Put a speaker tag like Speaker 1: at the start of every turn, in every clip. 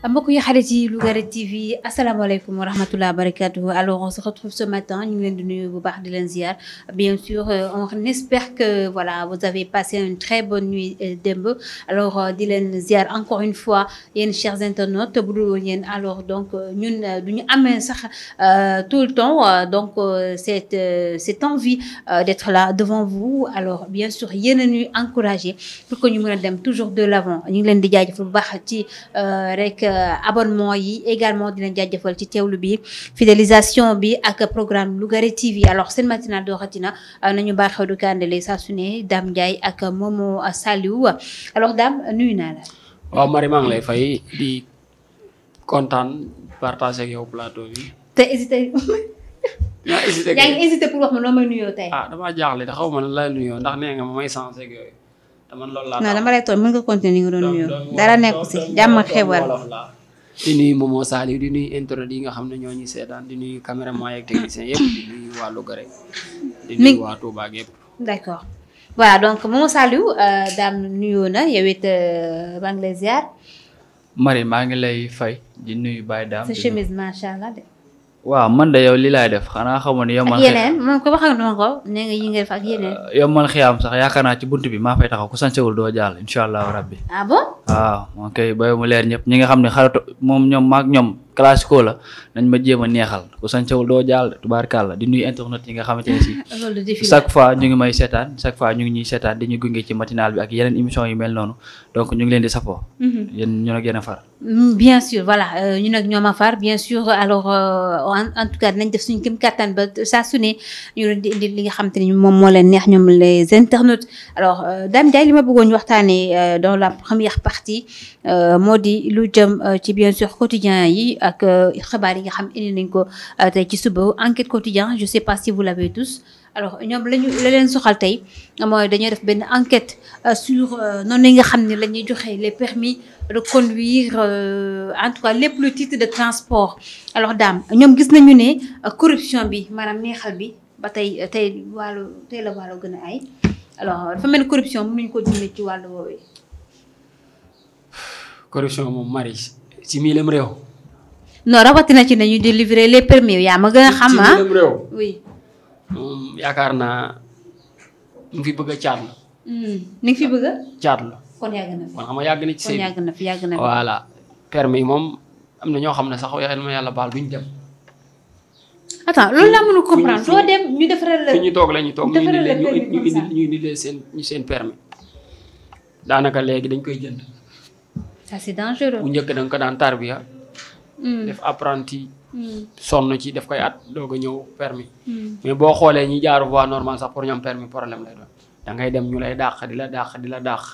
Speaker 1: Ah, mbokk yi xarit yi Lougaré TV asalaamaaleykum wa barakatuh alors on se retrouve ce matin ñu ngi leen di nuyu bu baax di ziar bien sûr euh, on espère que voilà vous avez passé une très bonne nuit euh, démb alors euh, di len ziar encore une fois yéen chers internautes bu dul alors donc ñun duñu amé sax tout le temps donc cette cette envie d'être là devant vous alors bien sûr yéen a ñuy pour que ñu mëna dem toujours de l'avant ñu ngi len di jaajëfal bu baax ci rek. Euh, abonnement yi également dina jaajëfal ci tewlu bi fidélisation bi ak programme Lugari TV alors seen matinal dooxatina euh, nañu baaxew du kandele sa suné ne Dame Ndiaye ak Momo saliw alors Dame nuyu naa la
Speaker 2: wa mari mang lay fay di contane partager ak yow plateau bi. te hésiter yaa ngi
Speaker 1: hésité pour wax ma noo may ah
Speaker 2: dama jaxlé da xawma la lan ndax né nga ma may sens ak yooyu. taman lool la non dama
Speaker 1: lay tooñ mën nga continuer nga doon nuyu xewal
Speaker 2: di nuyu momo sali di nuyu internet yi nga xam ñoo ñuy seetaan di nuyu caméraman yeeg technicien yëpp di nuyu waa
Speaker 3: di nuyu Touba
Speaker 1: voilà donc momo saliw dam nuyoo na yow it
Speaker 3: Mari ngi ngi lay fay di nuyu Baye Dame sa chemise waaw man de yow li def xanaa xamoon yow. man yeneen
Speaker 1: man ko waxal ko nee nga ak
Speaker 3: yow man xiyaam sax yaakaar naa ci bunt bi maa fay taxaw ku sansewul doo jaal incha allahu rabbi. ah waaw ok ba mu leer ñëpp ñi nga xam ne xaratu moom ñoom maak ñoom classico la nañ ma jéem a neexal ku sañcewul doo jàll chaque fois ñu ngi may seetaan chaque fois ñu ngi ñuy seetaan di ñu ci matinal bi ak yeneen émission yu mel noonu donc ñu ngi leen di safoo ñu nag yéen a far
Speaker 1: mm, bien sûr voilà euh, ñu nag ñoom a far bien sûr alors euh, en tout cas dinañ def suñu këm kattan ba saa su ñu leen di indi li nga xamante ni moom moo leen neex ñoom les internautes alors euh, Dame Ndiaye partie euh, moo di lu jëm euh, ci bien sûr quotidien yi ak euh, xibaar yi nga xam indi nañ ko tey ci suba enquête quotidien je sais pas si vous l'avez tous alors ñom lañu la leen soxal tay moy dañoo def ben enquête sur non la nga xam ni lañuy joxe les permis de conduire en tout cas lépp le de transport alors dame ñom gis nañu ne corruption bi maanaam neexal bi ba tay tay walu tay la wàllu gëna ay alors dafa mel corruption mënuñ ko dundee ci walu
Speaker 2: corruption moom marie si mii lem réew.
Speaker 1: non rawatina ci nañu délivrer les permis yaa ma gën a xam ah oui.
Speaker 2: yaakaar naa mu fi bëgg a caat la. Hmm, caat la kon yàgg na fi kon xam yàgg na ci. sëy yàgg
Speaker 1: na fi yàgg na
Speaker 2: fi moom am na ñoo xam ne sax yal ma yàlla baal duñ dem.
Speaker 1: attends loolu laa ñu toog la. fi ñu toog la ñu toog ñu
Speaker 2: indi leen ñu seen seen permis daanaka léegi dañ koy jënd.
Speaker 1: ça c'est dangereux. bu
Speaker 2: njëkk da ko daan tarbiya mm. def apprenti. Mm. sonn ci def koy at doog ñëw permis mm. mais boo xoolee ñi jaaru voie normale sax pour ñu am permis problème lay doon da ngay dem ñu lay dàq di la dàq di la dàq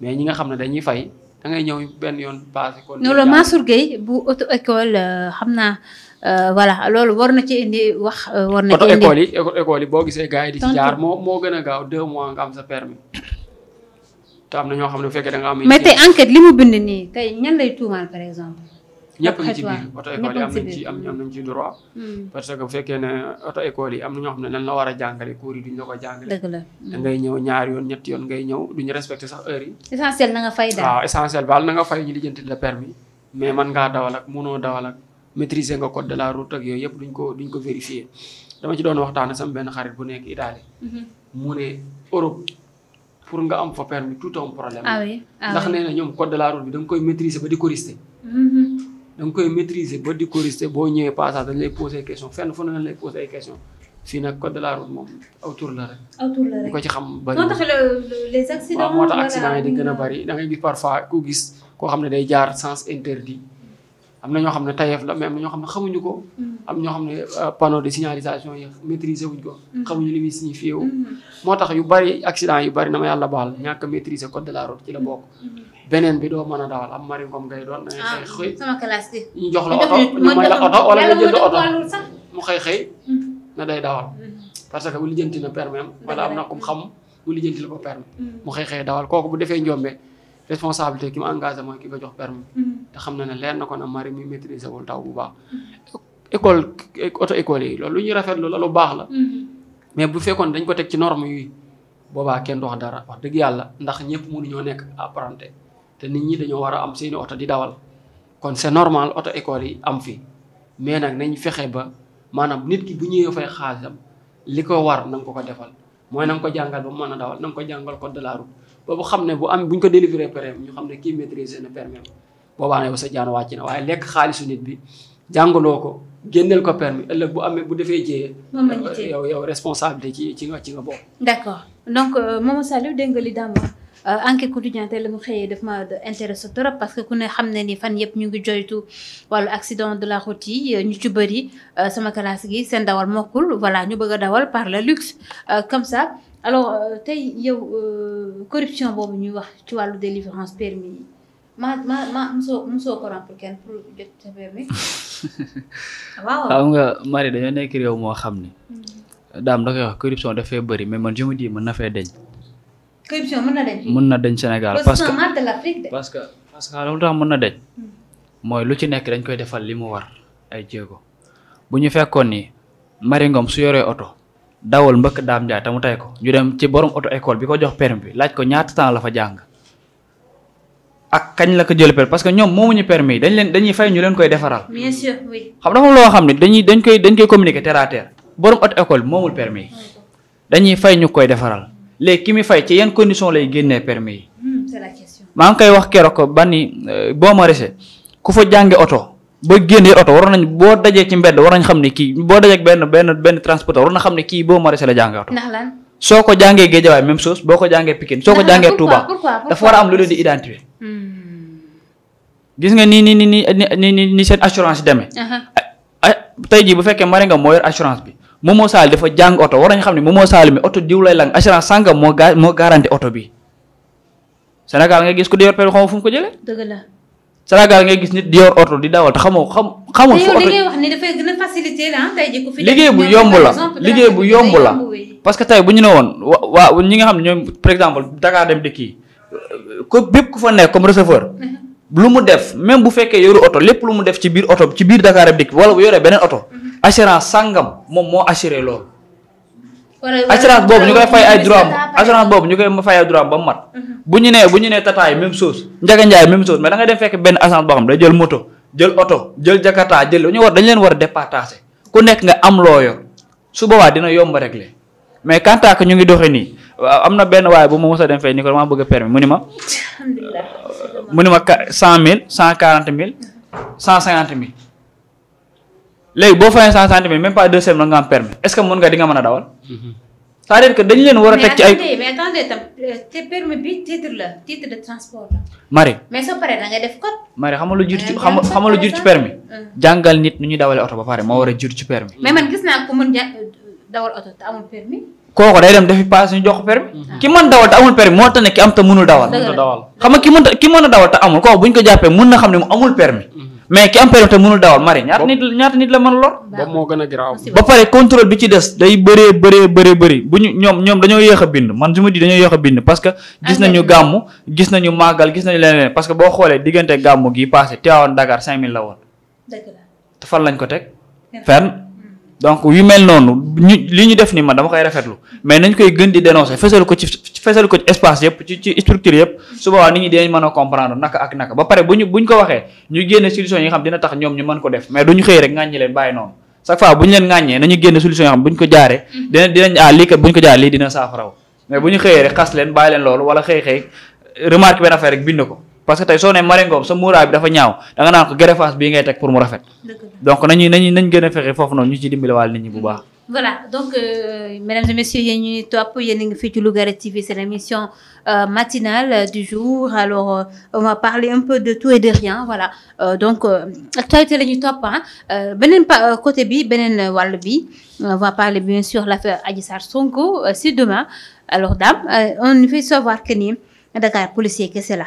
Speaker 2: mais ñi nga xam ne dañuy fay da ngay ñëw benn yoon passé. kon loolu
Speaker 1: Mansour bu auto école euh, xam naa euh, voilà loolu war na ci indi wax. Euh, war na ci indi
Speaker 2: auto école yi boo gisee gaa yi di ci jaar moo moo gën a gaaw deux mois nga am sa permis te am na ñoo xam ne bu fekkee da nga am. mais
Speaker 1: li mu bind nii tey ñan lay tuumaal par exemple. ñëpp
Speaker 2: ngi ci droit. Hmm. parce que bu fekkee ne auto école yi am na ñoo xam ne lan la war a jàngale cours yi duñ la ko jàngale. dëgg la da ngay ñëw ñaar yoon ñett yoon ngay ñëw duñu respecté sax heure yi.
Speaker 1: essentiel na nga fay daal waaw
Speaker 2: essentiel baal na nga fay ñu lijjanti la permis mais man ngaa dawal ak mënoo dawal ak maîtriser nga code de la route yooyu yëpp duñ ko duñ ko vérifier dama ci doon waxtaan sama benn xarit bu nekk Italie hmm. mu pour nga am fa permis tout un problème. ah oui ah ndax nee na ñoom code de la route bi da koy maîtriser ba di ko rister. Mhm. da nga koy maîtriser ba di ko boo ñëwee passage dañ lay poser ay questions fenn fu ne dañ lay poser ay questions fii nag code de la route moom autour la rek. autour la rek ko ci xam bari. moo tax
Speaker 1: les accidents. waaw moo gën a
Speaker 2: bari da ngay gis parfois ku gis koo xam ne day jaar sens interdit. am na ñoo xam ne tayeef la mais am na ñoo xam ne xamuñu ko. Mm-hmm. am ñoo xam ne euh, panneau de signalisation yi maîtriser wuñ ko. Mm-hmm. xamuñu li muy signifié wu. Mm-hmm. moo tax yu bari accident yu bari na ma yàlla baal ñàkk a maîtriser code de la route ci la bokk. beneen bi doo mën a dawal am mari ngoom ngay doon. ah
Speaker 1: jox la wala nga jënd oto
Speaker 2: mu xëy xëy. na day dawal. parce que bu lijjanti na permis am am na kum xam u lijjanti la ko permis mu xëy xëy dawal kooku bu defee njombe responsabilité ki engagement ki ko jox permis mm-hmm. te xam na ne leer na ko na mari mi maîtriser wul taw bu baax école auto école yi loolu lu ñuy rafetlu la lu baax la mm-hmm. mais bu fekkoon dañ ko teg ci norme yi boobaa kenn du wax dara wax dëgg yàlla ndax ñëpp mënuñoo nekk apprenti te nit ñi dañoo war a am seeni oto di dawal kon c'est normal auto école yi am fi mais nag nañ fexe ba maanaam nit ki bu ñëwee fay xaalisam li ko war na nga ko ko defal mooy na nga ko jàngal ba mu mën a dawal na nga ko jàngal code de la boobu xam bu am buñ ko délivrer permis ñu xam ki kii maîtriser na permis boba né ba sa jaan wàcc na waaye lekk xaalisu nit bi jàngaloo ko génneel ko permis ëlëk bu amé bu défé jé yow yow responsabilité ci ci nga ci nga bokk.
Speaker 1: d'accord donc euh, Maman Saliou dégg nga li daan wax euh, enquête quotidien tey la mu daf ma intéressé trop parce que ku ne xamné ni fan yépp ñu ngi joytu walu accident de la route yi euh, ñu ci bëri sama classe gi sen dawal mokul voilà ñu bëgg dawal par le luxe comme ça. alors euh, tey yow euh, corruption boobu ñuy wax ci walu délivrance permis ma ma ma musoo musoo ko remplir ken pour jot sa permis waaw xam
Speaker 3: nga mari dañu nekk rew mo xamni hmm. dam da koy wax corruption da fay bari mais man jëmu di man na fay deñ
Speaker 1: corruption man na deñ mën
Speaker 3: na deñ Sénégal parce que parce que parce que lolu tax mën na deñ moy hmm. lu ci nekk dañ koy defal limu war ay jéego bu ñu fekkoon ni Marie Ngom su yoree oto dawal mbëkk daam jaay tamu tay ko ñu dem ci borom auto école biko jox permis bi laaj ko ñaata tan la fa jang ak kañ la ko jël permis parce que ñom momu ñu permis dañ leen dañuy fay ñu leen koy défaral
Speaker 1: bien sûr oui
Speaker 3: xam dafa lo xamni dañuy dañ koy dañ koy communiquer terre à terre borom auto école momul permis dañuy fay ñu koy défaral léegi ki mi fay ci yeen condition lay génné permis
Speaker 1: hmm c'est yi
Speaker 3: maa ngi koy wax kéro ko bani ni euh, boo ma resé ku fa jangé auto ba génnee oto waroon nañ boo dajee ci mbedd war nañ xam ne kii boo dajee ak benn benn benn transporteur war na ne kii boo maraîcher la jàngee oto. ndax lan soo ko jàngee Géejawaay même chose boo ko jàngee Pikine soo ko jàngee Touba dafa war a am lu leen di identifier.
Speaker 2: Hmm.
Speaker 3: gis nga ni ni ni ni ni ni seen assurance demee. Uh-huh. tey jii bu fekkee mari nga moo yor assurance bi Momo Sall dafa jàng oto war nañ xam ne moo Sall mi oto diw lay lang assurance sàngam moo moo garanti oto bi Sénégal nga gis ko di yor pelu fu ko Sénégal ngay gis nit di yor oto di dawal te xamoo xam xamul fu ah,
Speaker 1: liggéey bu yomb la liggéey bu yomb la
Speaker 3: parce que tey bu ñu ne woon waa waa ñi nga xam ne ñoom par exemple Dakar dem dëkk yi ko bépp ku fa nekk comme receveur lu mu def même bu fekkee yoru oto lépp lu mu def ci biir oto ci biir dakaar dem dëkk wala bu yoree beneen oto mhm. assurance sàngam moom moo assuré loolu
Speaker 1: assurance boobu ñukay fay ay drum assurance
Speaker 3: boobu ñukay ma fay ay drum ba mat mhm. bu ñu nee bu ñu nee tataay même chose njaga njaay même chose mais da nga dem fekk ben assurance bo xam da jël moto jël auto jël jakarta jël ñu war dañ leen war a départager ku nekk nga am loo yor su boobaa dina yomb régler mais quand ta que ñu ngi doxé ni amna ben way bu ma mësa dem fay ni ko ma bëgg permis mu ni ma alhamdullah mu ni ma 100000 140000 150000 léegi bo fay sans centimètres même pas deux semaines la nga am est ce que mon gars di nga mën dawal. c' est à dire que dañ leen wara tek ci ay.
Speaker 1: mais attendez te permis bi titre la titre de transport la. mari mais so paré da nga def code.
Speaker 3: mari xam nga lu jiitu ci xam eh, nga lu jiitu ci permis. Eh. jangal nit nu ñu dawalé auto ba paré mo mm. wara a ci permis.
Speaker 1: mais man gis na ko mën dawal auto ta amul permis.
Speaker 3: koko day dem defi pass ñu jox permis mm-hmm. ki mën dawal ta amul permis mo tax ne ki am ta mënul dawal. xam nga ki mën ki mën dawal ta amul kooku buñ ko jappé mën na xam ni mu amul permis mm-hmm. mais ki am permis te mënul dawal mari ñaata
Speaker 2: nit ñaata nit la mën lor. moo gën a
Speaker 3: ba pare contrôle bi ci des day bëree bëree bëree bëri bu ñu ñoom ñoom dañoo yéex a bind man su ma di dañoo yéex a bind parce que gis nañu gàmmu gis nañu màggal gis nañu leneen parce que boo xoolee diggante gàmmu gi passé Tivaouane Dakar 5000 la woon te fan lañ ko teg fenn donc yu mel noonu ñu li ñu def ni man dama koy rafetlu mais nañ koy gën di dénoncer fesal ko ci fesal ko ci espace yëpp ci ci structure yëpp su boobaa nit ñi dinañ mën a comprendre naka ak naka ba pare bu ñu bu ñu ko waxee ñu génn solution yi xam dina tax ñoom ñu mën ko def mais du ñu xëy rek ŋàññi leen bàyyi noonu chaque fois bu ñu leen ŋàññee nañu génne solution yi xam bu ñu ko jaaree dina dinañ ah lii kat bu ñu ko jaaree lii dina saafaraw mais bu ñu xëyee xas leen bàyyi leen loolu wala xëy xëy remarque benn affaire rek bind ko parce que tay soo ne marine boobu sa muuraay bi dafa ñaaw da nga naan ko greffage bi ngay teg pour mu rafet. donc nañu nañu nañ gëna fexé fofu foofu ñu ci dimbali wal nit ñi bu baax.
Speaker 1: Mm-hmm. voilà donc euh, mesdames et messieurs yeñu ñuy top yéen ngi fi ci lu Lougaré TV c'est l'émission euh, matinale euh, du jour alors euh, on va parler un peu de tout et de rien voilà euh, donc euh, actualité lañu top hein ah beneen pa côté bi benen wal bi on va parler bien sûr l'affaire Adji Sarr Sonko c'est demain alors Dame on fait savoir que ni Dakar policier kese là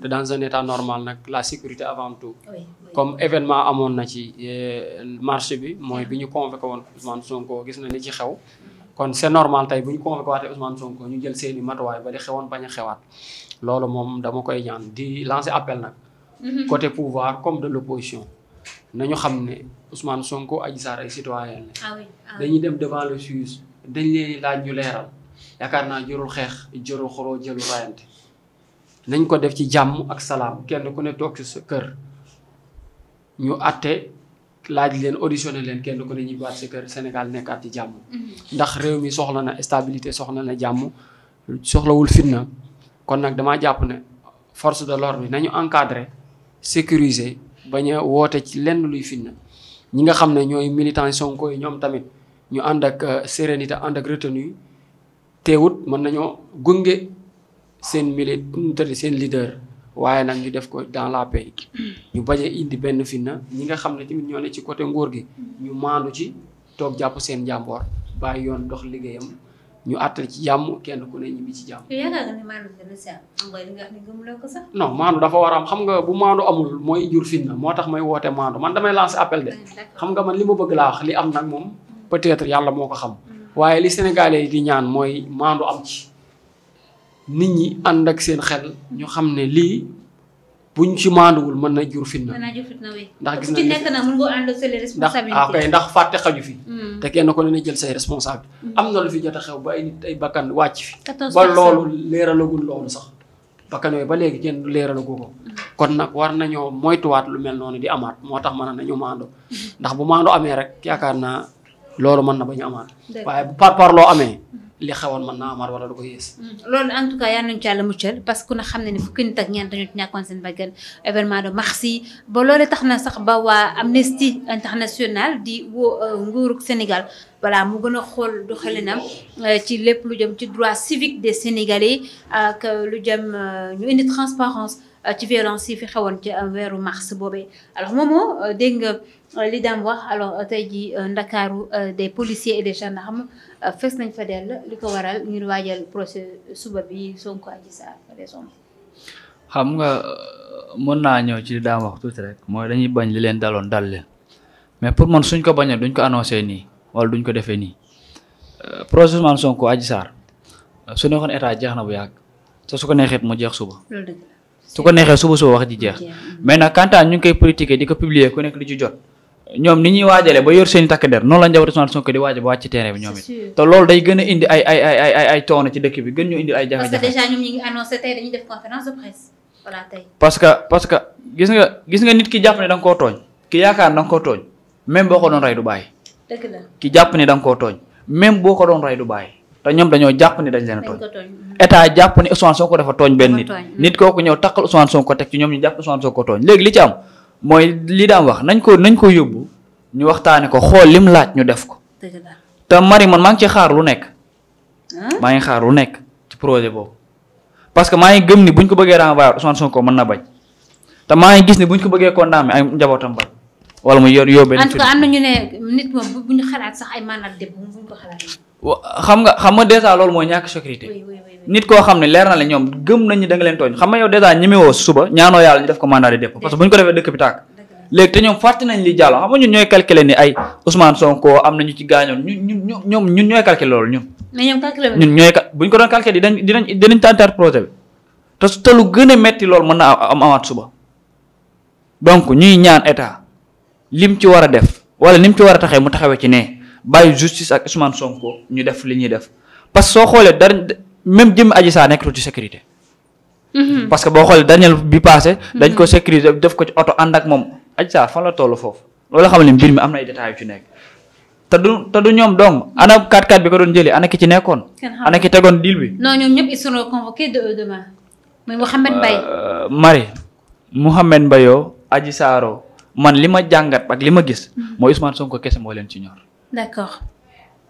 Speaker 2: te dans un état normal nag la sécurité avant tout. comme événement amoon na ci eh, marché bi mooy bi ñu convoqué woon Ousmane Sonko gis na li ci xew. kon c'est normal tey bu ñu convoqué waatee Ousmane Sonko ñu jël seeni matuwaay ba di xewoon bañ a xewaat loolu moom dama koy ñaan di lancer appel nag. Mhm. côté pouvoir comme de l'opposition nañu xam ne Ousmane Sonko Adji Sarr ay citoyen la
Speaker 1: ah ah. dañuy
Speaker 2: dem devant le juge dañ leen laaj ñu leeral yaakaar naa jërul xeex jërul xoroo jërul rayante nañ ko def ci jàmm ak salaam kenn ku ne toog ci sa kër ñu àtte laaj leen auditionné leen kenn ku ne ñibbaat sa kër Sénégal nekkaat ci jàmm. Mhm. ndax réew mi soxla na stabilité soxla na jàmm soxlawul fitna kon nag damaa jàpp ne force de l'ordre bi nañu encadré sécuriser bañ woote ci lenn luy fitna ñi nga xam ne ñooy militantion Sonko yi ñoom tamit ñu ànd ak euh, sérénité ànd ak retenue teewut mën nañoo gunge. seen mili nu tëdd seen leader waaye nag ñu def ko dans la paix hmm. ñu bañ a indi benn fitna ñi nga xam ne tamit ñoo ne ci côté nguur gi ñu maandu ci toog jàpp seen njàmboor bàyyi yoon dox liggéeyam ñu àttal ci jàmm kenn ku ne ñibbi ci jàmm. non maandu dafa war a am xam nga bu maandu amul mooy jur fitna moo tax may woote maandu man damay lancer appel de. Hmm, xam nga man li ma bëgg laa li am nag moom. Hmm. peut-être yàlla moo ko xam. waaye li Sénégalais di ñaan mooy nit ñi ànd ak seen xel ñu xam ne lii buñ ci maanduwul mën na jur fitna. na ndax gis nañu nekk na
Speaker 1: mën nga ah,
Speaker 2: ndax fàtte xaju fi. Hmm. te kenn ko ne na jël say responsable hmm. am na lu fi jot a xew ba ay nit ay bakkan wàcc fi. ba loolu leeralagul loolu sax. bakkan yooyu ba léegi kenn leeralagu ko. Hmm. kon nag war na nañoo moytuwaat lu mel noonu di amaat moo tax mën nañu maandu. ndax bu maandu amee rek yaakaar naa loolu mën na bañ a amaat. waaye bu par parloo amee. li xewoon man naa amaat wala du ko yées
Speaker 1: loolu en tout cas yal nañu ci yàlla muccal parce que ku ne xam ne ne fukki nit ak ñeent ñoo ci ñàkkoon seen bakkan événement de mars yi ba loolu tax na sax ba waa Amnesty International di wo euh, nguurug Sénégal voilà mu gën a xool doxalinam euh, ci lépp lu jëm ci droit civique des Sénégalais ak lu jëm euh, ñu indi transparence ci violence yi fi xewoon ci weeru mars boobee alors Momo dégg nga li dam wax alors euh, tay ji euh, ndakaru euh, des policiers et des gendarmes fess nañ fa del liko waral ñu wajjal procès suba bi sonko aji sar par xam
Speaker 3: nga mën na ñëw ci dam wax tout rek moy dañuy bañ li leen dalon dal leen mais pour man suñ ko bañal duñ ko annoncer ni wala duñ ko defé ni procès man sonko aji sar su neexoon état jaxna na bu yak so su ko neexee mu jeex suba su ko nexé suba suba wax di jeex mais na quant ñu ngi koy politiquer diko publier ku nekk li ci jot ñoom ni ñuy waajalee ba yor seen takk der noonu la njabootu Ousmane Sonko waajal ba wàcc terrain bi ñoom it te loolu day gën ay gën ñu indi ay jafe-jafe parce que déjà
Speaker 2: ñoom
Speaker 1: ñu ngi annoncé tey dañuy
Speaker 3: parce que parce que gis nga gis nga nit ki jàpp ne da tooñ ki yaakaar da nga koo tooñ même boo ko doon rey du bàyyi dëgg jàpp ne da koo tooñ même boo ko doon rey du bàyyi te ñoom dañoo jàpp ni dañ leen a tooñ mhm. état jàpp ni Ousmane Sonko tooñ benn nit mhm. nit kooku ñëw takkal Ousmane Sonko teg ci ñoom ñu jàpp Ousmane Sonko tooñ léegi li ci am mooy li daan wax nañ ko nañ ko yóbbu ñu waxtaane ko xool lim laaj ñu def ko. te mari man maa ngi ci xaar lu nekk. maa ngi xaar lu nekk ci projet boobu. parce que maa ngi gëm ni buñ ko bëggee renvoyer Ousmane ko mën na bañ te maa ngi gis ni buñ ko bëggee condamné ay njabootam bañ. wala mu yor yóbbee. en tout na
Speaker 1: nit moom bu ñu xalaat sax ay maanaam
Speaker 3: démb bu ñu ko xalaat. xam nga xam nga dèjà loolu mooy ñàkk sécurité. nit koo xam ne leer na la ñoom gëm nañu da nga leen tooñ xam nga yow dèjà ñemewoo suba ñaanoo yàlla ñu def ko mandat de dépôt parce que bu ñu ko defee dëkk bi tàkk léegi te ñoom fàtte nañ li jàll xam nga ñun ñooy calculer ni ay Ousmane Sonko am nañu ci gaañoon ñun ñun ñoom ñun ñooy calculer loolu ñun.
Speaker 1: mais ñoom calculer ñun
Speaker 3: ñooy bu ñu ko doon calculer dinañ dinañ dinañ tàntaat projet bi te su te lu gën a metti loolu mën na am amaat suba donc ñuy ñaan état lim ci war a def wala nim ci war a taxee mu taxawee ci ne bàyyi justice ak Ousmane Sonko ñu def li ñuy def parce que soo xoolee dara même jëm Adji Sarr nekkatul ci sécurité. Mhm. parce que boo xoolee Daniel bi passé. dañ ko mhm. sécuriser def ko ci oto ànd ak moom Adji Sarr fan la toll foofu loolu xam ne mbir mi am na ay détails yu ci nekk. te du te du ñoom dong ana 4-4 bi ko doon jëlee ana ki ci nekkoon. ana ki tegoon deal bi.
Speaker 1: non ñoom ñëpp ils seront convoqués de demain. muy Mouhamed Mbaye.
Speaker 3: Euh, Marie Mouhamed Mbayo Adji Sarr man li ma jàngat ak li ma gis. Mhm. mooy Ousmane Sonko kese moo leen ci ñor.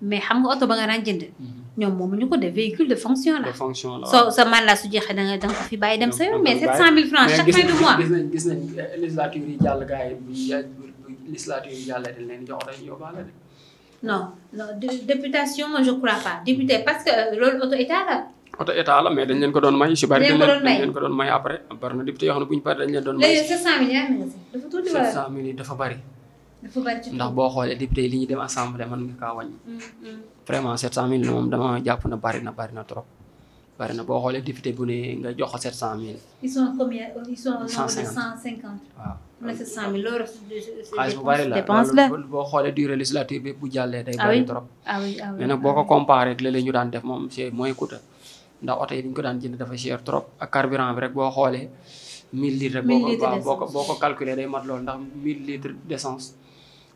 Speaker 1: mais xam nga auto ba nga daan jënd. Mm-hmm. ñoom moom ñu ko de
Speaker 2: véhicule de fonction la. de fonction la
Speaker 1: mandat su jeexee da nga da nga fi bàyyi dem sa yoon. mais 700000 francs chaque fin de mois. gis
Speaker 2: nañ gis nañ euh, législature yi jàll gars yi bu législature yi jàll dañ leen jox dañ yóbbaale de.
Speaker 1: non non députation moi je crois pas député mm-hmm. parce que euh, loolu auto état la.
Speaker 2: auto état la mais dañ leen ko doon may. si bari dañ leen ko doon may après. bari na député yoo xam ne bu ñu paree dañ leen doon may. léegi
Speaker 1: 700000 yaa ngi dafa tuuti wala
Speaker 2: 700000 dafa bari. ndax boo xoolee député yi ñu dem assemblée mën nga kaa wàññi. Mm, mm. moom dama jàpp na bari na bari na trop. bari na boo xoolee député bu ne nga jox ko 700000.
Speaker 1: ils sont combien waaw mu ne 700000 la dépense la
Speaker 2: boo xoolee durée législative bi bu jàllee day ah bari trop. Ah, ah oui mais nag boo ko comparé ak léeg ñu daan def moom c'est mooy coûteux. ndax oto yi bi ñu ko daan jënd dafa cher trop a carburant bi rek boo xoolee. 1000 litres rek boo ko boo ko calculé day mat loolu ndax 1000 litres d'essence.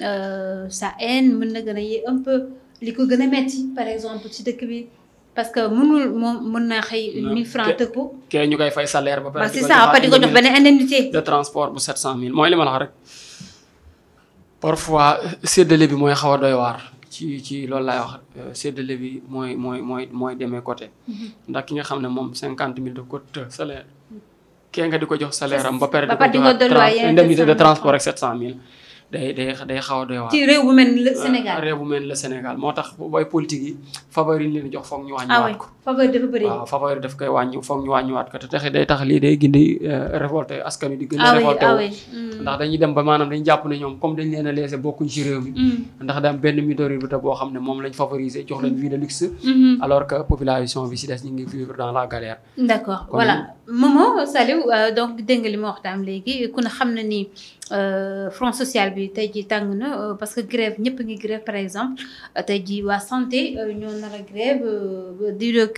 Speaker 1: sa euh, haine mën na gën a yee un peu li ko gën a metti par exemple ci dëkk bi parce que mu moom mën naa xëy mille francs tëkk ko
Speaker 2: kee ñu koy fay salaire ba pare ba di ko jox benn indemnité de transport bu sept cent mille mooy li ma la wax rek bi mooy xaw doy waar ci ci loolu laay wax euh, séddale bi mooy mooy mooy mooy demee côté mm-hmm. ndax ki nga xam ne moom cinquante mille de côté salaire kee nga di ko jox salaire am ba pare di ko jox indemnité de transport ak sept cent mille day day xaw a doy ci réew bu mel ni Sénégal réew bu mel la Sénégal moo tax booy politique yi favori leen jox foog ñu wàññiwaat ah
Speaker 1: ko. faveur dafa bëri waaw
Speaker 2: faveur daf koy wàññi foog ko te taxe day tax lii day gindi euh, révolté askan wi di gën a ah révolté ah wu hmm. ndax dañuy dem ba maanaam dañ jàpp ne ñoom a hmm. ndax daam benn minorité boo xam ne moom lañ favoriser jox leen hmm. vie de luxe que population bi si des ñu ngi vivre dans la galère
Speaker 1: d'accord voilà Momo Saliou euh, donc dégg li ma waxtaan léegi ku ne xam na ni euh, front social bi tey jii tàng na parce que grève ñëpp ngi grève par exemple tey a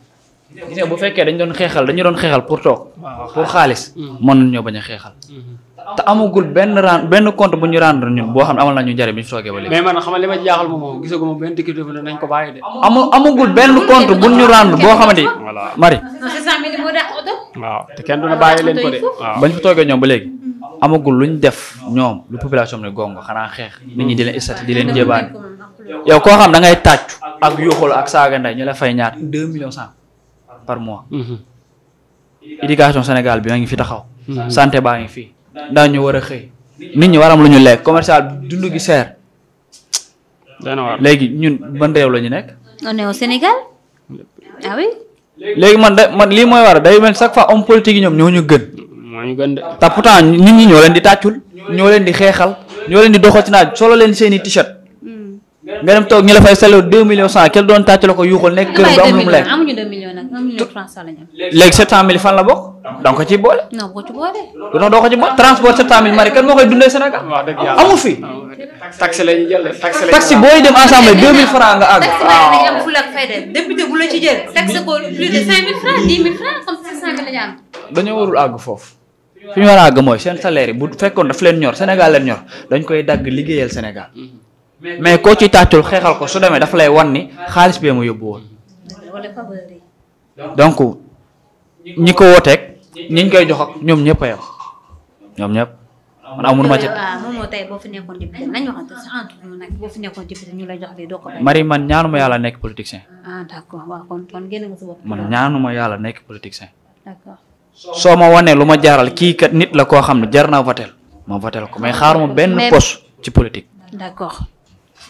Speaker 3: gis nga bu fekkee dañ doon xeexal dañu doon xeexal pour toog pour xaalis mm-hmm. mën nañ ñoo bañ a xeexal mm-hmm. te amagul benn benn compte bu ñu rendre ñun boo xam ne amal nañu njëriñ bi ñu toogee ba léegi mais man
Speaker 2: xam nga li ma jaaxal moom gisaguma benn ticket de nañ ko bàyyi de ama amagul benn compte bu ñu rendre boo xamante voilà
Speaker 3: mari waaw te kenn duna bàyyi leen ko de bañ fa toogee ñoom ba léegi amagul luñ def ñoom lu population ne gongo xanaa xeex nit ñi di leen di leen jébaane yow koo xam da ngay tàccu ak yuuxul ak saaga nday ñu la fay ñaat deux millions cent par mois éducation mhm. sénégal bi ma ngi fi taxaw mhm. santé baa ngi fi daa ñu war a xëy nit ñi waram lu ñu lekk commercial dund gi seer léegi ñun ban réew la ñu nekk
Speaker 1: on est au sénégal ah oui
Speaker 3: léegi man da man lii mooy war day mel chaque fois homme politique yi ñoom ñoo ñu gën ñoo ñu gën de te pourtant nit ñi ñoo leen di tàccul ñoo leen di xeexal ñoo leen di doxal ci naaj solo leen seen i t-shirt nga dem toog ñu la fay salaire deux millions cent kenn doon tàcc la ko yuuxal nekk kër millions nag un mille fan la bokk da nga ko ci boole
Speaker 1: non boo ci boole
Speaker 3: non doo ko ci boole transport sept cent mille mari kan moo koy dundee Sénégal amu fi taxi lañuy booy dem ensemble deux mille franc nga àgg
Speaker 1: de cinq mille franc dix mille franc
Speaker 3: dañoo warul àgg foofu fi ñu war àgg mooy seen salaire yi bu fekkoon daf leen ñor Sénégal leen ñor dañ koy dagg liggéeyal Sénégal mm-hmm. mais koo ci tàccul xeexal ko su demee dafa lay wan ni xaalis bee ma yóbbu woon donc ñi ko wooteeg ñi ñu koy jox ñoom ñëpp a yem ñëpp. man amul ma ci ah, ah, mari man ñaanuma yàlla nekk politicien.
Speaker 1: Ah, man
Speaker 3: ñaanuma yàlla nekk politicien. soo ma wanee lu ma jaaral kii kat nit la koo xam ne jar naa votel ma votel ko mais xaaruma benn poste ci politique.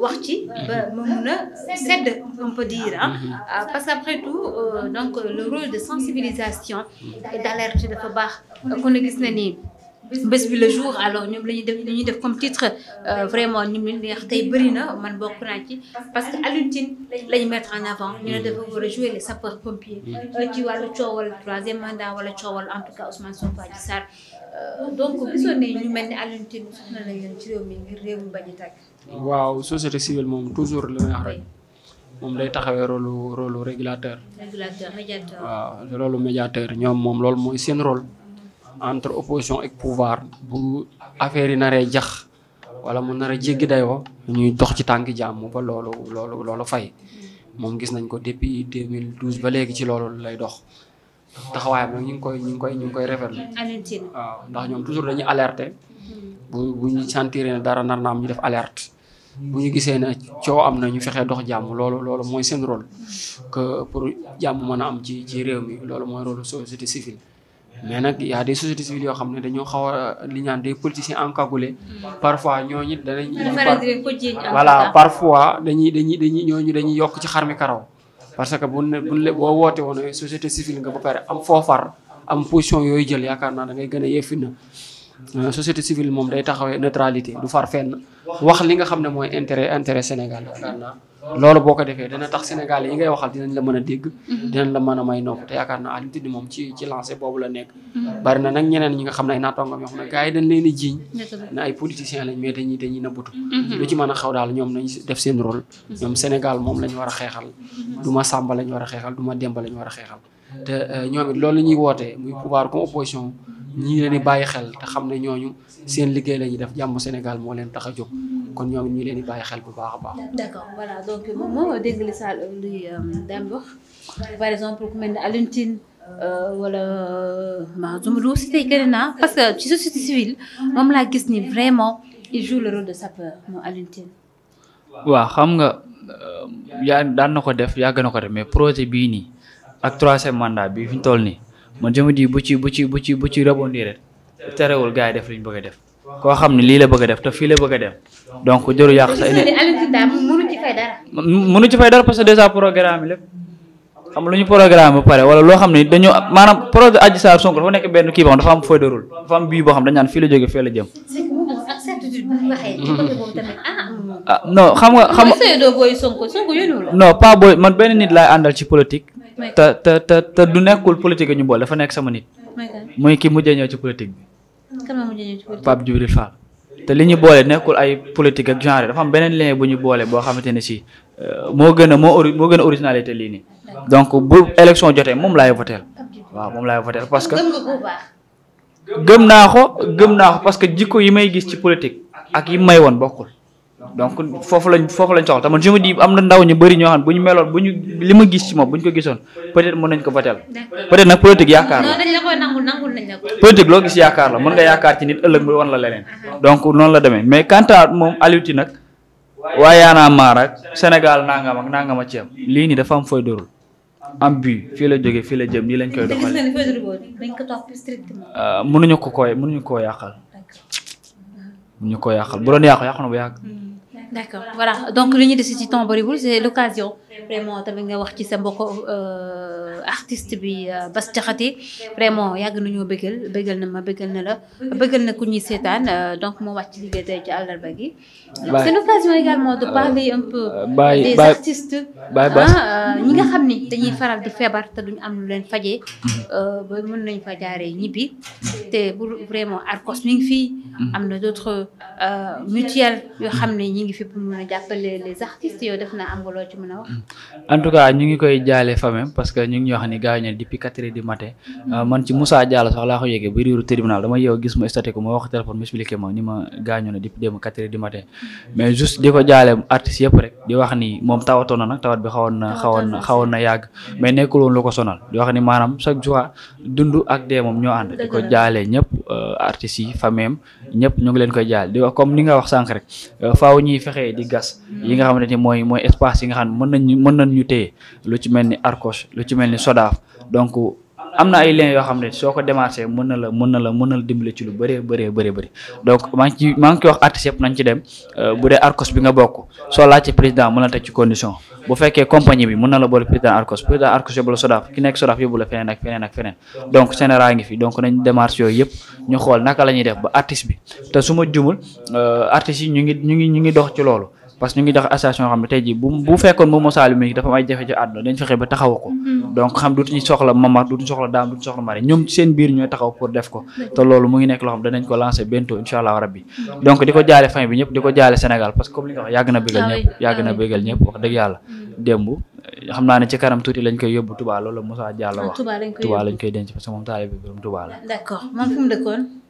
Speaker 1: wax ci ba mu mun a sedd on peut dire hein mhm. ah, parce que après tout euh, donc le rôle de sensibilisation et d'alerte dafa baax ku ne gis na ni bés bi le jour alors ñoom la ñuy def la ñuy def comme titre euh, vraiment ñu ngi neex tey bëri na man bokk naa ci parce que aluntine Tine la ñu mettre en avant ñu ne dafa war a jouer les sapeurs pompiers. Mhm. ci wàllu coowal troisième mandat wala coowal en tout cas Ousmane Sonko Adji Sarr euh, donc gisoon ne ñu mel ne Alioune Tine soxna la ñu ci réew mi ngir réew mi bañ a tàgg
Speaker 2: waaw société civile moom toujours li may wax moom day taxawee rôle rôle régulateur. waaw loolu médiateur ñoom moom loolu mooy seen rôle. entre opposition ak pouvoir bu affaire yi naree jax wala mu nar a jéggi dayoo ñuy dox ci tànk jàmm ba loolu loolu loolu fay moom gis nañ ko depuis 2012 ba léegi ci loolu lay dox taxawaayam nag ñu ngi koy ñu ngi koy ñu ngi koy rafetlu. waaw ndax ñoom toujours dañuy alerte mhm. bu buñu ñu ne dara nar naam ñu def alerte. bu ñu gisee na coow am na ñu fexe dox jàmm loolu loolu mooy seen rôle que pour jàmm mën a am ci ci réew mi loolu mooy rol société civile mais nag y a des sociétés yoo xam ne dañoo xaw a li ñaan des politiciens encagoulés mm. parfois ñooñu danañ voilà parfois dañuy dañuy dañuy ñooñu dañuy yokk ci xar mi karaw parce que bu ne bu ne boo woote woon société civile nga ba pare am foofar am position yooyu jël yaakaar naa da ngay gën a yeffi na Euh, société civile moom day taxawee neutralité du far fenn wax li nga xam ne mooy intérêt intérêt Sénégal yaakaar naa loolu boo ko defee dina tax Sénégal yi ngay waxal dinañ la mën mhm. la mën a may nopp te yaakaar naa Alioune Tine moom ci ci lancé boobu la nekk mhm. bari na nag ñeneen nga xam ne ay naatongam yoo xam ne gars yi dañ leen di jiiñ ne ay politiciens lañ mais dañuy dañuy nëbbatu mhm. lu ci mën a xaw daal ñoom nañ def seen rôle ñoom Sénégal moom lañ war a xeexal du ma Samba lañ war a xeexal du ma Demba lañ war a xeexal te euh, ñoom it loolu ñuy wootee muy pouvoir comme ñi leen di bàyyi xel te xam ne ñooñu seen liggéey la ñuy def jàmm Sénégal moo leen tax a jóg kon ñooñu ñi leen di bàyyi xel bu baax a baax.
Speaker 1: d'accord voilà donc moom moo dégg li Sall luy euh, daan wax par exemple ku mel ne Alioune euh, wala euh, ma su ma dugg cité keneen naa ah, parce que ci société civile moom laa gis ni vraiment il joue le rôle de sapeur moom Alioune Tine.
Speaker 3: waaw xam nga yaa daan na ko def yàgg na ko def mais projet bii nii ak troisième mandat bi fi ñu toll nii. man je me bu ci bu ci bu ci bu ci rebondir terewul gars yi def li ñu bëgg a def koo xam ne lii la bëgg a def te fii la bëgg a dem donc jëru yàq sa énergie mënu ci fay dara. mënu ci fay dara parce que déjà programme bi lépp loo xam ne dañoo maanaam projet Adji Sarr Sonko dafa nekk benn kii boo xam dafa am feuille de route dafa am bii boo xam dañ fii la jógee fee la jëm. ah, ah xam nga xam
Speaker 1: nga.
Speaker 3: non pas booy man benn nit laay àndal ci politique. te te te du nekkul politique ñu boole dafa nekk sama nit. muy kii mujjee ñëw ci politique bi. kan moo mujjee te li ñu boole nekkul ay politique ak genre dafa am beneen lien bu ñu boole boo xamante ne si euh, moo gën a moo moo gën a originalité lii nii. donc bu élection jotee moom laay voté waaw moom laay voté parce que. gëm naa ko gëm naa ko parce que jikko yi may gis ci politique ak yi may woon bokkul. donc fofu lañ fofu lañ soxla tamit jëmu di am na ndaw ñu bari ñoo xam buñu ñu meloon bu ñu gis ci mom buñ ko gisoon peut être mën nañ ko votel peut être nak politique yaakar non
Speaker 1: dañ la koy nangul nangul nañ la ko
Speaker 3: politique lo gis yaakar la mën nga yaakar ci nit ëlëk mu won la leneen donc non la démé mais quant à mom aliuti nak wayana yaanaa maar ak sénégal nangam ak nangam ci am li ni dafa am fooy dóorul am bi fi la joggé fi la jëm ni lañ koy doxale euh, mënuñu ko koy mënuñu koo yàqal mënuñu ko yaakal bu doon yàqu yàqu na bu yàgg hmm.
Speaker 1: D'accord, voilà donc le nid des ces temps en c'est l'occasion. vraiment tamit nga wax ci sa mbokk artiste bi Bass Diakhaté vraiment yàgg nañoo bëggal bëggal na ma bëggal na la bëggal na ku ñuy seetaan donc moo wàcc liggéey tey ci àllarba gi. donc c'est l'occasion également de parler un peu.
Speaker 2: des artistes.
Speaker 1: ñi nga xam ni dañuy faral di feebar te duñ am lu leen fajee. ba mën nañ fa jaaree ñibbi. te pour vraiment Arcos mi ngi fii. am na d'autres mutuelles yoo xam ne ñi ngi fi pour mën a jàppale les artistes yow def naa am nga loo ci mën a wax.
Speaker 3: en tout cas ñu ngi koy jaale famem parce que ñu ngi ñoo xam ne ne depuis quatre heures matin euh, man ci Moussa Diallo sax laa ko ba riiru tribunal dama yeew gis ma staté ko ma wax téléphone m'expliqué ma ni ma gaañu ne depuis démb di ko jaale artiste yëpp rek di wax ni ñu ngi leen koy jaale di wax comme ni nga wax sànq rek euh, faaw ñuy fexee di gas yi nga xamante ni mooy mooy espace yi nga xam mën nañ mën nañ ñu téye lu ci melni arcoche lu ci melni ni donc amna ay lien yo xamné soko soo mën na la mën na la mën na la dimbale ci lu bëree bëree bëri bëri donc ma ngi ma ngi wax artiste yépp nañ ci dem euh, bu dee bi nga bokk la ci président mën na teg ci condition bu féké compagnie bi mën na la bol président arcoche président arcoche yóbbu la ki nek sodaaf yobul la ak feneen ak donc sénéra ngi fi donc nañ démarche yo yépp ñu xol naka lañuy def ba artiste bi té suma jumul euh, artiste yi ñu ngi ñu ngi ñu ngi dox ci lolu parce que ñu ngi dox association yoo xam ne tey jii bu bu fekkoon moom Saloum yi dafa am jafe-jafe àdduna dañ fexe ba taxaw ko mm-hmm. donc xam dutuñu soxla mama dutuñu soxla daam dutuñu soxla mari ñoom seen biir ñooy taxaw pour def ko te loolu mu ngi nekk loo xam danañ ko lancer bientôt incha allah rabbi mm-hmm. donc di ko jaale famille bi ñëpp di ko jaale Sénégal parce que comme li nga wax yàgg na bégal ah ah ñëpp wax dëgg yàlla mm-hmm. démb xam naa ne ci kanam tuuti lañ koy yóbbu Touba loolu Moussa Diallo
Speaker 1: ah,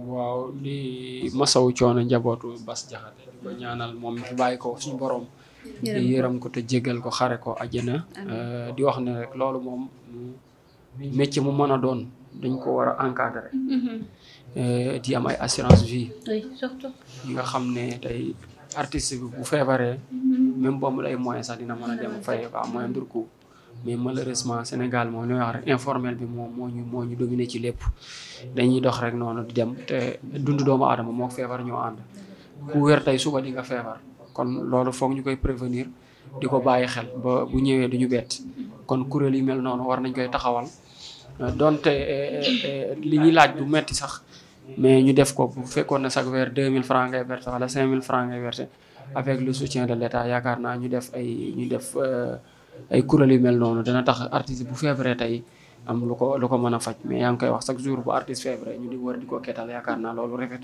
Speaker 2: waaw di masaw coono njabootu Bas Jaxate di ko mm. ñaanal moom fi bàyyi ko suñu boroom di yërëm ko te jégal ko xare ko àjjana di wax ne rek loolu moom métier mu mën a doon dañ ko war a encadrer mm-hmm. di am ay assurance vie surtout nga xam ne tey artiste bi bu feebaree mm-hmm. même boobu lay moyen sax dina mën a dem fay ko am moyen dur mais malheureusement Sénégal moom li wax rek informel bi moom moo ñu moo ñu dominé ci lépp dañuy dox rek noonu di dem te dund doomu adama moo feebar ñoo ànd ku wér tey suba di nga feebar kon loolu foog ñu koy prévenir di ko bàyyi xel ba bu ñëwee du ñu bett kon kuréel yi mel noonu war nañ koy taxawal donte eh, eh, li ñu laaj bu metti sax mais ñu def ko bu fekkoon na chaque weer 2000 francs ngay verser wala 5000 francs ngay verser avec le soutien de l'État yaakaar naa ñu def ay ñu def euh, ay kuréel yu mel noonu dana tax artiste bu feebaree tey am lu ko lu ko mën a faj mais yaa ngi koy wax chaque jour bu artiste feebaree ñu di war di ko ketal yaakaar naa loolu wax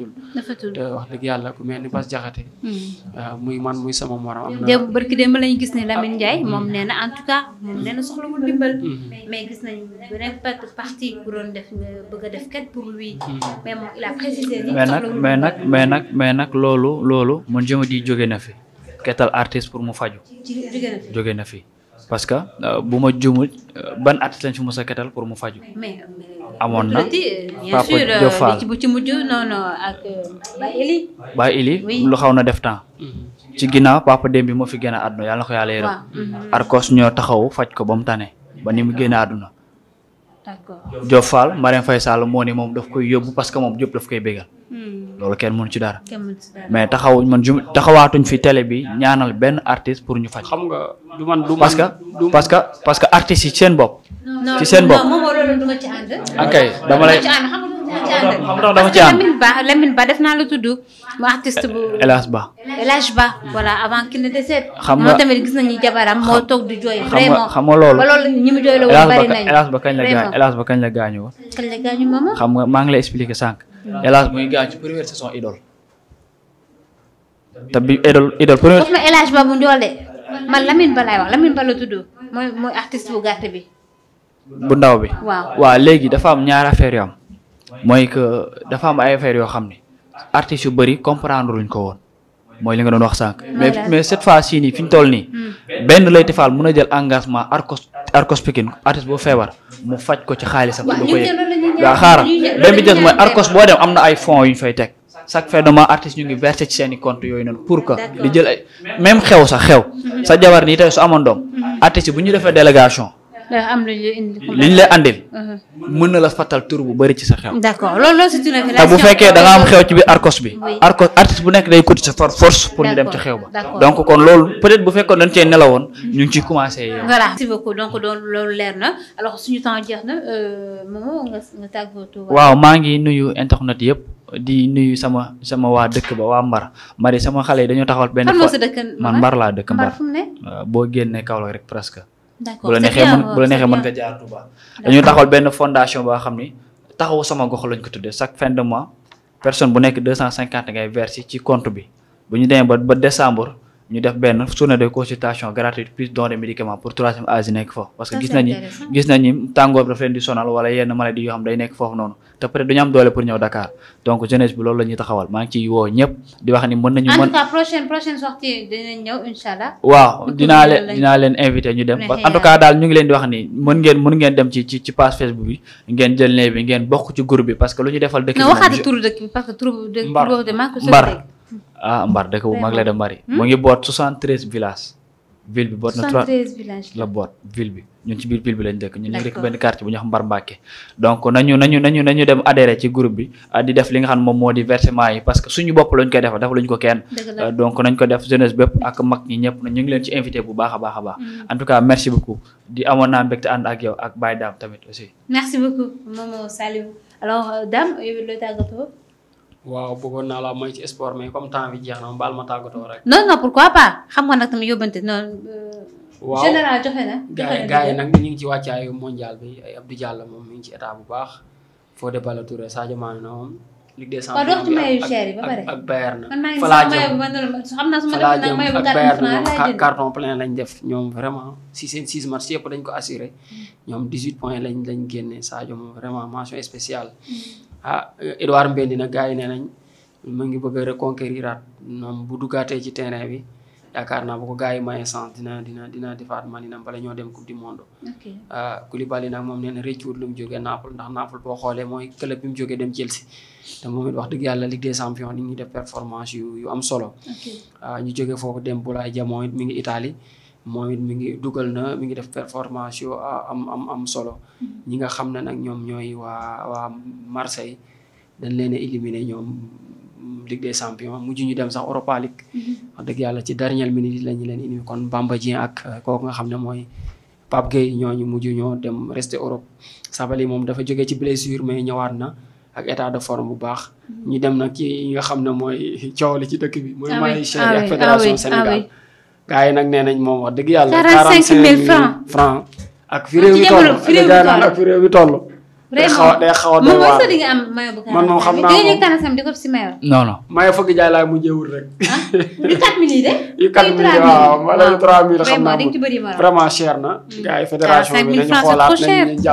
Speaker 2: dëgg yàlla ku mel ni Bass Diakhaté. Hmm. Ah, muy man muy sama morom. am na démb
Speaker 1: barki démb lañu gis ne na en tout cas moom nee na soxlawul hmm. a def kat pour hmm. nag
Speaker 3: mais nag mais nag loolu loolu. man jëmm di jóge na fi ketal artiste pour mu faju jóge na fi. parce que euh, bu ma jumul euh, ban at lañ fi mos ketal pour mu faju amoon na Papa Diop
Speaker 1: euh, ci mujj non non ak Baye lu xaw na def temps mhm.
Speaker 3: ci ginnaaw Papa Demba moo fi gën a àdduna yàlla na ko yàlla yërëm mhm. Arcos ñoo taxaw faj ko ba mu tane ba ni mu génn àdduna Diop Fall Marème Faye Sall moo ne moom daf koy yóbbu parce que moom Diop daf koy bégal hmm. loolu kenn mënu ci dara mais taxaw man ju taxawaatuñ fi télé bi ñaanal benn artiste pour ñu faj xam nga parce que parce que parce que artistes yi seen bopp ci seen bopp
Speaker 1: ok dama lay xam
Speaker 3: nga dafa
Speaker 1: Ba Lamine Ba def naa la tudd nga tamit gis nañu xam nga loolu. ba loolu ñi mu jooy la woon Ba kañ la gaañ El
Speaker 3: Ba kañ la gaañu
Speaker 1: kañ la gaañu mama.
Speaker 3: xam nga maa ngi lay expliquer sànq. El Hadj muy gaañ ci première saison Idole. te bi Ba
Speaker 1: bu njool man Lamine Ba laay wax Lamine Ba la tudd mooy mooy artiste bu gàtt bi.
Speaker 3: bu ndaw bi. waaw léegi dafa am ñaari affaire am mooy que dafa am ay affaires yoo xam ne artistes yu bëri comprendre luñ ko woon mooy li nga doon wax sànq. mais mais cette fois ci nii fi ñu toll nii. Hmm. benn Leyti Fall mun a jël engagement Arcos Arcos Pikine artiste boo feebar mu faj ko ci xaalisam. waaw ñun jëloon la xaaral benn bi des mooy Arcos boo dem am na ay fonds yu fay teg. chaque fin de mois artiste ñu ngi versé ci seen i compte yooyu noonu pour que di jël ay même xew sax xew. sa hmm. jabar nii tey su amoon doom. Hmm. artiste bu ñu defee délégation.
Speaker 1: Nah, liñ
Speaker 3: andil mën na la fatal tur bu bari ci sa xew
Speaker 1: d'accord loolu c'est une révélation bu da nga am xew ci arcos bi arcos
Speaker 3: artiste bu nekk day cotiser force pour ñu dem ci xew kon loolu peut-être bu fekkoon dañ cee nelawoon ñu ngi commencé voilà
Speaker 1: merci beaucoup donc loolu leer na alors suñu temps jeex na euh, momo nga nga tàggatoo
Speaker 3: waaw di nuyu sama sama wa dëkk ba wa mbar mari sama xalé dañu dañoo taxawal benn man mbar la dëkk mbar bo génné kaw rek presque
Speaker 1: bu la neexee mën bu la neexee mën nga jaar Touba dañu taxawal
Speaker 3: benn fondation boo xam ni taxawu sama gox lañ ko tuddee chaque fin de mois personne bu nekk deux cent cinquante ngay verser ci compte bi bu ñu demee ba ba décembre ñu def benn journée de consultation gratuite plus don de médicaments pour troisième âge nekk foofu parce que gis nañu gis nañu tàngoor bi di sonal wala yenn maladie yoo xam day nekk foofu noonu te pare être du am doole pour ñew Dakar donc jeunesse bi loolu la taxawal ma ngi ci yoo ñep di wax ni mën nañu. mën en tout cas
Speaker 1: prochaine prochaine sortie dinañ ñew inshallah waaw dina leen dina
Speaker 3: len inviter ñu dem. en tout cas dal ñu ngi len di wax ni mën ngeen mën ngeen dem ci ci ci page Facebook bi ngeen jël nee bi ngeen bokku ci groupe bi parce que luñu ñu defal. dëkk bi moom waxaat turu
Speaker 1: dëkk bi parce que ma ko Mbar
Speaker 3: ah Mbar dekk bu mag la de mari mo hmm? ngi boot 73 villages ville bi boot na 73 la boot ville bi ñun ci biir ville bi lañ dëkk ñun ñu rek dëkk benn quartier bu ñu xam Mbar donc nañu nañu nañu nañu dem adhérer ci groupe bi ah, di def li nga xam moom moo di versement yi parce que suñu bopp lañ koy def def luñ ko kenn euh, donc nañ ko def jeunesse bépp ak mag ñi ñëpp ñu ngi leen ci invité bu baax a baax a baax mm. en tout cas merci beaucoup di amoon naa mbégte ànd ak yow ak Baye Dame tamit aussi
Speaker 1: merci beaucoup Momo Salim alors euh, Dame yow looy tàggatoo
Speaker 2: waaw bëggoon naa la mooy ci sport mais comme temps bi jeex na baal ma tàggatoo rek. non non pas
Speaker 1: xam nga nag tamit yóbbante noonu. Euh,
Speaker 2: waaw général joxe na. joxe na gars yi nag ñu ngi ci wàccaayu mondial bi ay Abdou Diallo moom mi ngi ci état bu baax. Fodé Ballo-Touré Sadio Mané na moom. Ligue des champions ak ak ak Bayern na.
Speaker 1: xam naa su ma defoon nag mayu bu gàtt naa
Speaker 2: carton plein lañ def ñoom vraiment si seen six matchs yëpp dañ ko assuré. Mm. ñoom dix huit points lañ lañ génne Sadio moom vraiment mention spéciale. Mm. ah Edouard Mendy nag gars yi nee nañ mu ngi bëgg a reconquériraat moom bu duggaatee ci terrain bi yaakaar naa bu ko gars yi maye sens dina dina dina defaat maninam bala ñoo dem coupe du monde. ok ah, Koulibaly nag moom nee na rëccuwut lu mu jógee Naples ndax Naples boo xoolee mooy club bi mu jógee dem Chelsea. te moom it wax dëgg yàlla liggéey des champions ni ñuy def performance yu yu am solo. Ah, ñu jógee foofu dem Boulaye Dia moom mi ngi Italie. momit mi ngi dugal na mi ngi def performance yo ah, am am am solo ñi nga xam na nak ñom ñoy wa wa Marseille dañ leen éliminer ñom Ligue des Champions mu ñu dem sax Europa League wax deug yalla ci dernière minute la leen indi kon Bamba jien ak eh, ko nga xam ne moy pap gay ñoñu mu ñoo dem rester Europe sabali mom dafa joggé ci blessure mais ñëwaat na ak état de forme bu baax ñu dem nak ki nga xam ne moy ciowli ci dëkk bi moy ah malaysia ah ak federation Sénégal gars yi nag nee nañ moom wax dëgg yàlla. 45 000 francs 45 000 francs ak fi mi toll ak fi réew mi toll. vraiment day xaw a day
Speaker 1: man moom xam naa moom di ko si mayoo.
Speaker 2: non non mayo fëgg jaay laa mujjee wut rek. Ah,
Speaker 1: yu 4 mille
Speaker 2: yu 4 mille yi waaw wala yu 3 mille xam naa vraiment cher na. gars yi fédération bi nañu xoolaat nañu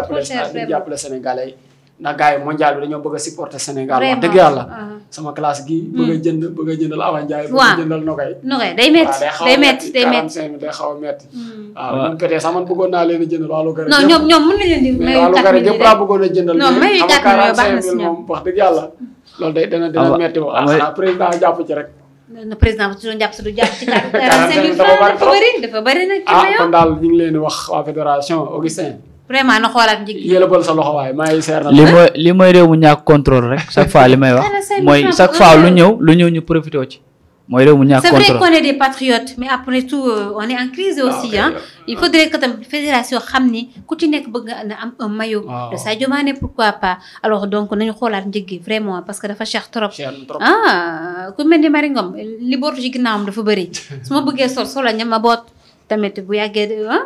Speaker 2: jàppale Sénégalais yi ndax gars yi mondial bi dañoo bëgg a supporter Sénégal wax dëgg yàlla. Uh-huh. sama classe gi hmm. bëgg a jënd bëgg a jëndal Awa Ndiaye. waaw bëgg a jëndal Nogay. Nogay day métti day métti day métti waaw day xaw a métti 45 day xaw a métti. Hmm. waaw man peut être sax man bëggoon naa leen a jëndal waalu gare. non ñoom
Speaker 1: ñoom mën nañu leen di mayu 4 minutes mais waalu
Speaker 2: bëggoon a jëndal. non mayu 4 minutes baax na si ñoom wax dëgg yàlla. loolu day dana dina métti ba xanaa président jàpp ci rek.
Speaker 1: na président bu ci doon jàpp si du jàpp ci quarante cinq mille francs dafa bëri
Speaker 2: dafa bëri nag. ah kon daal ñu ngi leen di wax waa fédération Augustin vraiment na xoolaat njëg yi sa loxo waaye maa ngi na.
Speaker 3: li mooy li mu ñàkk contrôle rek chaque fois li wax mooy chaque fois lu ñëw lu ñëw ñu profité ci. mooy réew mu ñàkk contrôle c'est vrai qu'on est
Speaker 2: des patriotes mais
Speaker 1: après tout euh, on est en crise ah, aussi ah il faudrait que tam fédération xam ku ci nekk bëgg nga am un maillot. de ah, Sadio Mané pourquoi pas alors donc nañu xoolaat njëg vraiment parce que dafa cher trop. ah ku mel ni li bootu ci ginnaawam dafa bëri su ma bëggee sol solo ñam ma tamit bu yàggee ah.